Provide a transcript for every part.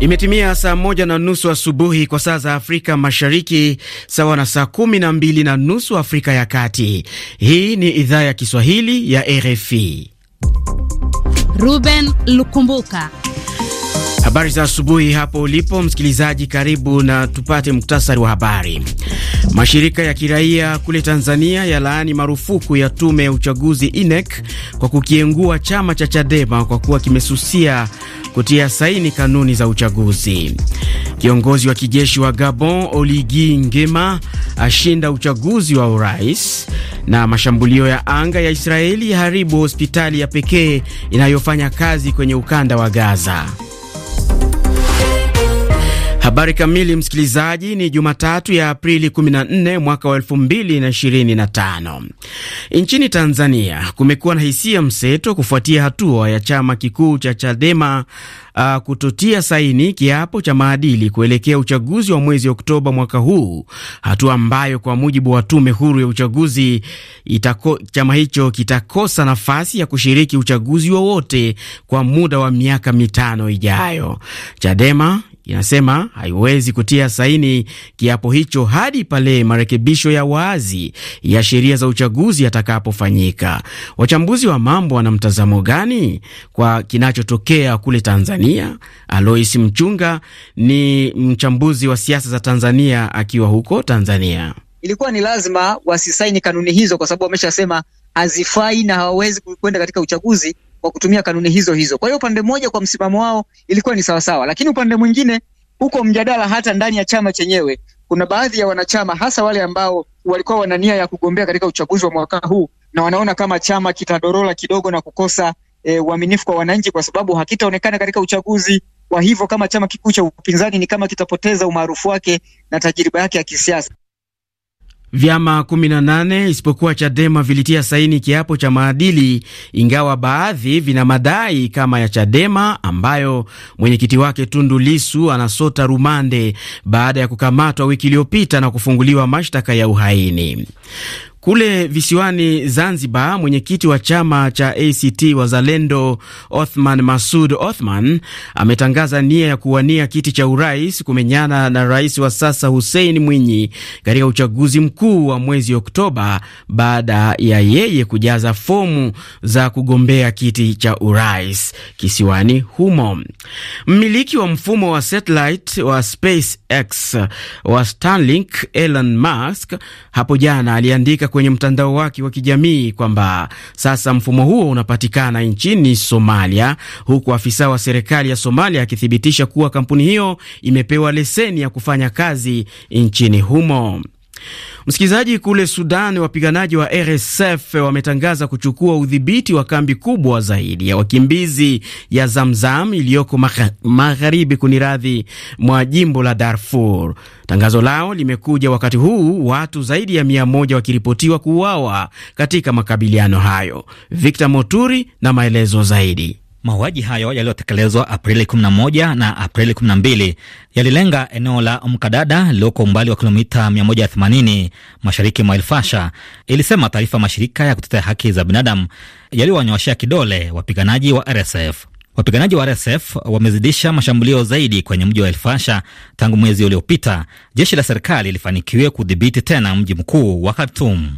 Imetimia saa moja na nusu asubuhi kwa saa za Afrika Mashariki, sawa na saa kumi na mbili na nusu Afrika ya Kati. Hii ni idhaa ya Kiswahili ya RFI. Ruben Lukumbuka Habari za asubuhi hapo ulipo msikilizaji, karibu na tupate muktasari wa habari. Mashirika ya kiraia kule Tanzania yalaani marufuku ya tume ya uchaguzi INEC kwa kukiengua chama cha Chadema kwa kuwa kimesusia kutia saini kanuni za uchaguzi. Kiongozi wa kijeshi wa Gabon Oligi Ngema ashinda uchaguzi wa urais, na mashambulio ya anga ya Israeli yaharibu hospitali ya pekee inayofanya kazi kwenye ukanda wa Gaza. Habari kamili, msikilizaji, ni Jumatatu ya Aprili 14 mwaka wa 2025. Nchini Tanzania kumekuwa na hisia mseto kufuatia hatua ya chama kikuu cha Chadema uh, kutotia saini kiapo cha maadili kuelekea uchaguzi wa mwezi Oktoba mwaka huu, hatua ambayo kwa mujibu wa tume huru ya uchaguzi itako, chama hicho kitakosa nafasi ya kushiriki uchaguzi wowote kwa muda wa miaka mitano ijayo. Chadema inasema haiwezi kutia saini kiapo hicho hadi pale marekebisho ya wazi ya sheria za uchaguzi yatakapofanyika. Wachambuzi wa mambo wana mtazamo gani kwa kinachotokea kule Tanzania? Alois Mchunga ni mchambuzi wa siasa za Tanzania akiwa huko Tanzania. Ilikuwa ni lazima wasisaini kanuni hizo kwa sababu wameshasema hazifai na hawawezi kwenda katika uchaguzi kwa kutumia kanuni hizo hizo. Kwa hiyo upande mmoja, kwa msimamo wao ilikuwa ni sawasawa, lakini upande mwingine huko mjadala hata ndani ya chama chenyewe kuna baadhi ya wanachama hasa wale ambao walikuwa wana nia ya kugombea katika uchaguzi wa mwaka huu na wanaona kama chama kitadorola kidogo na kukosa e, uaminifu kwa wananchi, kwa sababu hakitaonekana katika uchaguzi. Kwa hivyo kama chama kikuu cha upinzani ni kama kitapoteza umaarufu wake na tajriba yake ya kisiasa. Vyama 18 isipokuwa Chadema vilitia saini kiapo cha maadili, ingawa baadhi vina madai kama ya Chadema ambayo mwenyekiti wake Tundu Lisu anasota rumande baada ya kukamatwa wiki iliyopita na kufunguliwa mashtaka ya uhaini. Kule visiwani Zanzibar, mwenyekiti wa chama cha ACT Wazalendo Othman Masud Othman ametangaza nia ya kuwania kiti cha urais kumenyana na rais wa sasa Hussein Mwinyi katika uchaguzi mkuu wa mwezi Oktoba baada ya yeye kujaza fomu za kugombea kiti cha urais kisiwani humo. Mmiliki wa mfumo wa satellite wa SpaceX wa Starlink Elon Musk hapo jana aliandika kwenye mtandao wake wa kijamii kwamba sasa mfumo huo unapatikana nchini Somalia, huku afisa wa serikali ya Somalia akithibitisha kuwa kampuni hiyo imepewa leseni ya kufanya kazi nchini humo. Msikilizaji, kule Sudan wapiganaji wa RSF wametangaza kuchukua udhibiti wa kambi kubwa zaidi ya wakimbizi ya Zamzam iliyoko magharibi kuniradhi mwa jimbo la Darfur. Tangazo lao limekuja wakati huu watu zaidi ya mia moja wakiripotiwa kuuawa katika makabiliano hayo. Victor Moturi na maelezo zaidi. Mauaji hayo yaliyotekelezwa Aprili 11 na Aprili 12 yalilenga eneo la Mkadada lililoko umbali wa kilomita 180 mashariki mwa Elfasha, ilisema taarifa mashirika ya kutetea haki za binadamu yaliyowanyoshea kidole wapiganaji wa RSF. Wapiganaji wa RSF wamezidisha mashambulio zaidi kwenye mji wa Elfasha tangu mwezi uliopita. Jeshi la serikali lifanikiwe kudhibiti tena mji mkuu wa Khartum.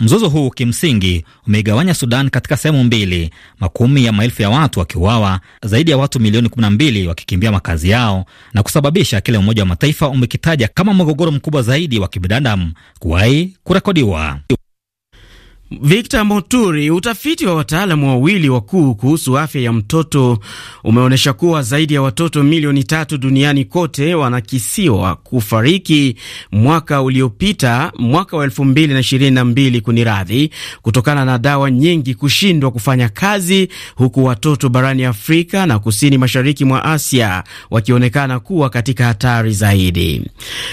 Mzozo huu kimsingi umeigawanya Sudan katika sehemu mbili, makumi ya maelfu ya watu wakiuawa, zaidi ya watu milioni 12 wakikimbia makazi yao na kusababisha kile Umoja wa Mataifa umekitaja kama mgogoro mkubwa zaidi wa kibinadamu kuwahi kurekodiwa. Victor Moturi, utafiti wa wataalamu wawili wakuu kuhusu afya ya mtoto umeonyesha kuwa zaidi ya watoto milioni tatu duniani kote wanakisiwa kufariki mwaka uliopita, mwaka wa elfu mbili na ishirini na mbili radhi, kutokana na dawa nyingi kushindwa kufanya kazi, huku watoto barani Afrika na kusini mashariki mwa Asia wakionekana kuwa katika hatari zaidi.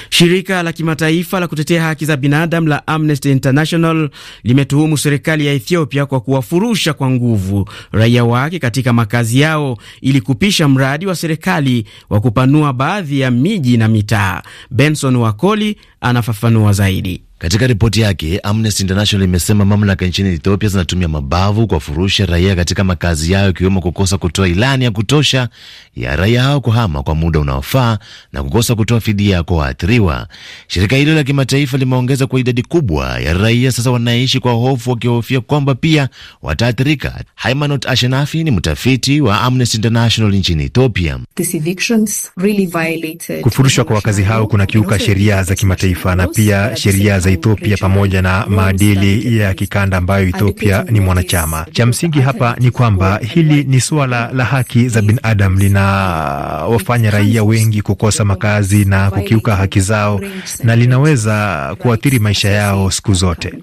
Shirika la kimataifa la kutetea haki za binadamu la Amnesty International limetuhu kuituhumu serikali ya Ethiopia kwa kuwafurusha kwa nguvu raia wake katika makazi yao ili kupisha mradi wa serikali wa kupanua baadhi ya miji na mitaa. Benson Wakoli anafafanua zaidi. Katika ripoti yake, Amnesty International imesema mamlaka nchini Ethiopia zinatumia mabavu kuwafurusha raia katika makazi yao, ikiwemo kukosa kutoa ilani ya kutosha ya raia hao kuhama kwa muda unaofaa na kukosa kutoa fidia kwa waathiriwa. Shirika hilo la kimataifa limeongeza kwa idadi kubwa ya raia sasa wanaishi kwa hofu, wakihofia kwamba pia wataathirika. Haimanot Ashenafi ni mtafiti wa Amnesty International nchini Ethiopia. Really kufurushwa kwa wakazi hao kuna kiuka sheria za kimataifa na pia sheria za Ethiopia pamoja na maadili ya kikanda ambayo Ethiopia ni mwanachama. Cha msingi hapa ni kwamba hili ni suala la haki za binadamu, linawafanya raia wengi kukosa makazi na kukiuka haki zao, na linaweza kuathiri maisha yao siku zote.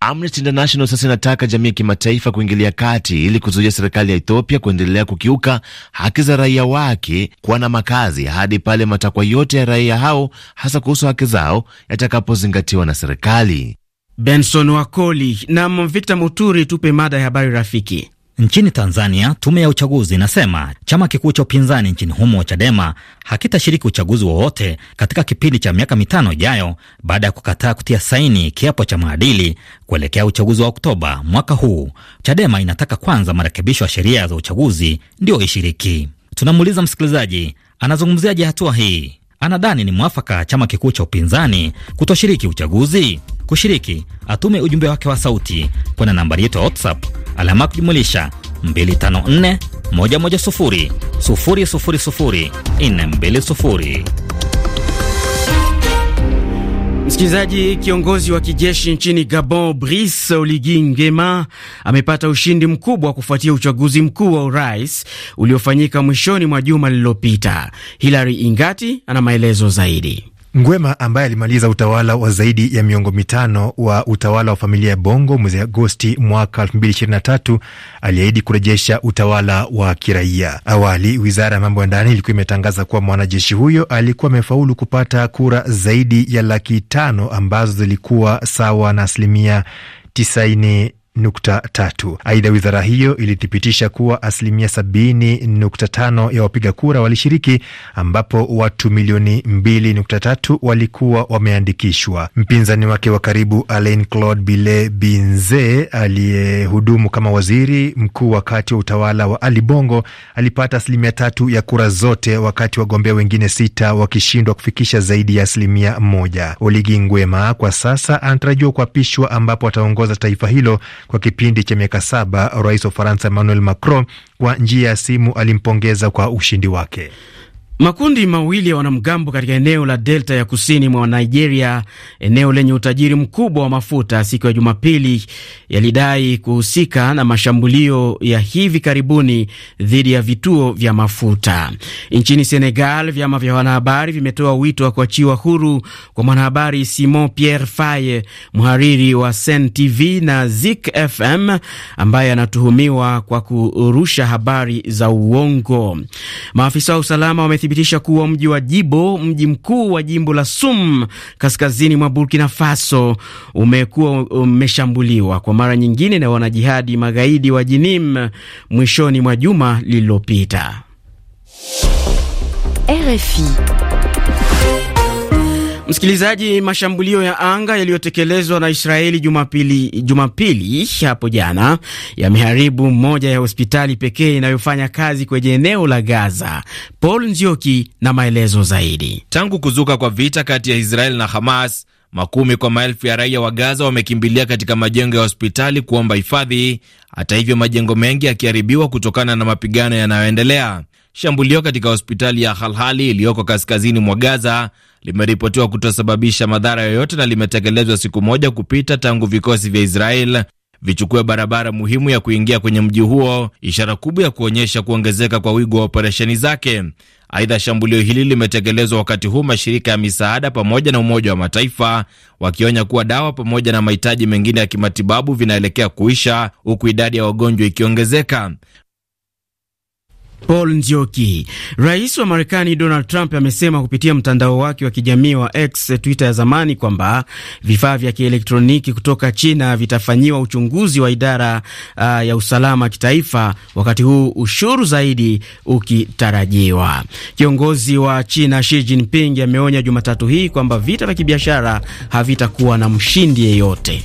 Amnesty International sasa inataka jamii ya kimataifa kuingilia kati ili kuzuia serikali ya Ethiopia kuendelea kukiuka haki za raia wake kuwa na makazi hadi pale matakwa yote ya raia hao hasa kuhusu haki zao yatakapo kuzingatiwa na serikali. Benson Wakoli na Mvita Muturi, tupe mada ya habari rafiki. Nchini Tanzania, tume ya uchaguzi inasema chama kikuu cha upinzani nchini humo Chadema hakitashiriki uchaguzi wowote katika kipindi cha miaka mitano ijayo baada ya kukataa kutia saini kiapo cha maadili kuelekea uchaguzi wa Oktoba mwaka huu. Chadema inataka kwanza marekebisho ya sheria za uchaguzi ndio ishiriki. Tunamuuliza msikilizaji, anazungumziaje hatua hii? anadhani ni mwafaka chama kikuu cha upinzani kutoshiriki uchaguzi. Kushiriki atume ujumbe wake wa sauti kwenda nambari yetu ya WhatsApp alama kujumulisha 254 420. Msikilizaji, kiongozi wa kijeshi nchini Gabon Brice Oligui Nguema amepata ushindi mkubwa kufuatia uchaguzi mkuu wa urais uliofanyika mwishoni mwa juma lililopita. Hilary Ingati ana maelezo zaidi. Ngwema ambaye alimaliza utawala wa zaidi ya miongo mitano wa utawala wa familia ya Bongo mwezi Agosti mwaka 2023 aliahidi kurejesha utawala wa kiraia. Awali wizara ya mambo ya ndani ilikuwa imetangaza kuwa mwanajeshi huyo alikuwa amefaulu kupata kura zaidi ya laki tano ambazo zilikuwa sawa na asilimia tisaini nukta tatu. Aidha, wizara hiyo ilithibitisha kuwa asilimia sabini nukta tano ya wapiga kura walishiriki, ambapo watu milioni mbili nukta tatu walikuwa wameandikishwa. Mpinzani wake wa karibu Alain Claude Bile Binze aliyehudumu kama waziri mkuu wakati wa utawala wa Ali Bongo alipata asilimia tatu ya kura zote, wakati wagombea wengine sita wakishindwa kufikisha zaidi ya asilimia moja. Oligi Nguema kwa sasa anatarajiwa kuapishwa, ambapo ataongoza taifa hilo kwa kipindi cha miaka saba, rais wa Ufaransa Emmanuel Macron kwa njia ya simu alimpongeza kwa ushindi wake. Makundi mawili ya wanamgambo katika eneo la delta ya kusini mwa Nigeria, eneo lenye utajiri mkubwa wa mafuta, siku ya Jumapili yalidai kuhusika na mashambulio ya hivi karibuni dhidi ya vituo vya mafuta. Nchini Senegal, vyama vya wanahabari vimetoa wito wa kuachiwa huru kwa mwanahabari Simon Pierre Faye, mhariri wa Sen TV na Zik FM, ambaye anatuhumiwa kwa kurusha habari za uongo. Maafisa wa usalama wame imethibitisha kuwa mji wa Jibo, mji mkuu wa jimbo la Sum kaskazini mwa Burkina Faso, umekuwa umeshambuliwa kwa mara nyingine na wanajihadi magaidi wa Jinim mwishoni mwa juma lililopita. RFI Msikilizaji, mashambulio ya anga yaliyotekelezwa na Israeli Jumapili, Jumapili hapo jana yameharibu moja ya hospitali pekee inayofanya kazi kwenye eneo la Gaza. Paul Nzioki na maelezo zaidi. Tangu kuzuka kwa vita kati ya Israeli na Hamas, makumi kwa maelfu ya raia wa Gaza wamekimbilia katika majengo ya hospitali kuomba hifadhi. Hata hivyo, majengo mengi yakiharibiwa kutokana na mapigano yanayoendelea. Shambulio katika hospitali ya Halhali iliyoko kaskazini mwa Gaza limeripotiwa kutosababisha madhara yoyote na limetekelezwa siku moja kupita tangu vikosi vya Israel vichukue barabara muhimu ya kuingia kwenye mji huo, ishara kubwa ya kuonyesha kuongezeka kwa wigo wa operesheni zake. Aidha, shambulio hili limetekelezwa wakati huu mashirika ya misaada pamoja na Umoja wa Mataifa wakionya kuwa dawa pamoja na mahitaji mengine ya kimatibabu vinaelekea kuisha, huku idadi ya wagonjwa ikiongezeka. Paul Nzioki. Rais wa Marekani Donald Trump amesema kupitia mtandao wake wa kijamii wa X, Twitter ya zamani, kwamba vifaa vya kielektroniki kutoka China vitafanyiwa uchunguzi wa idara uh, ya usalama kitaifa, wakati huu ushuru zaidi ukitarajiwa. Kiongozi wa China Xi Jinping ameonya Jumatatu hii kwamba vita vya kibiashara havitakuwa na mshindi yeyote.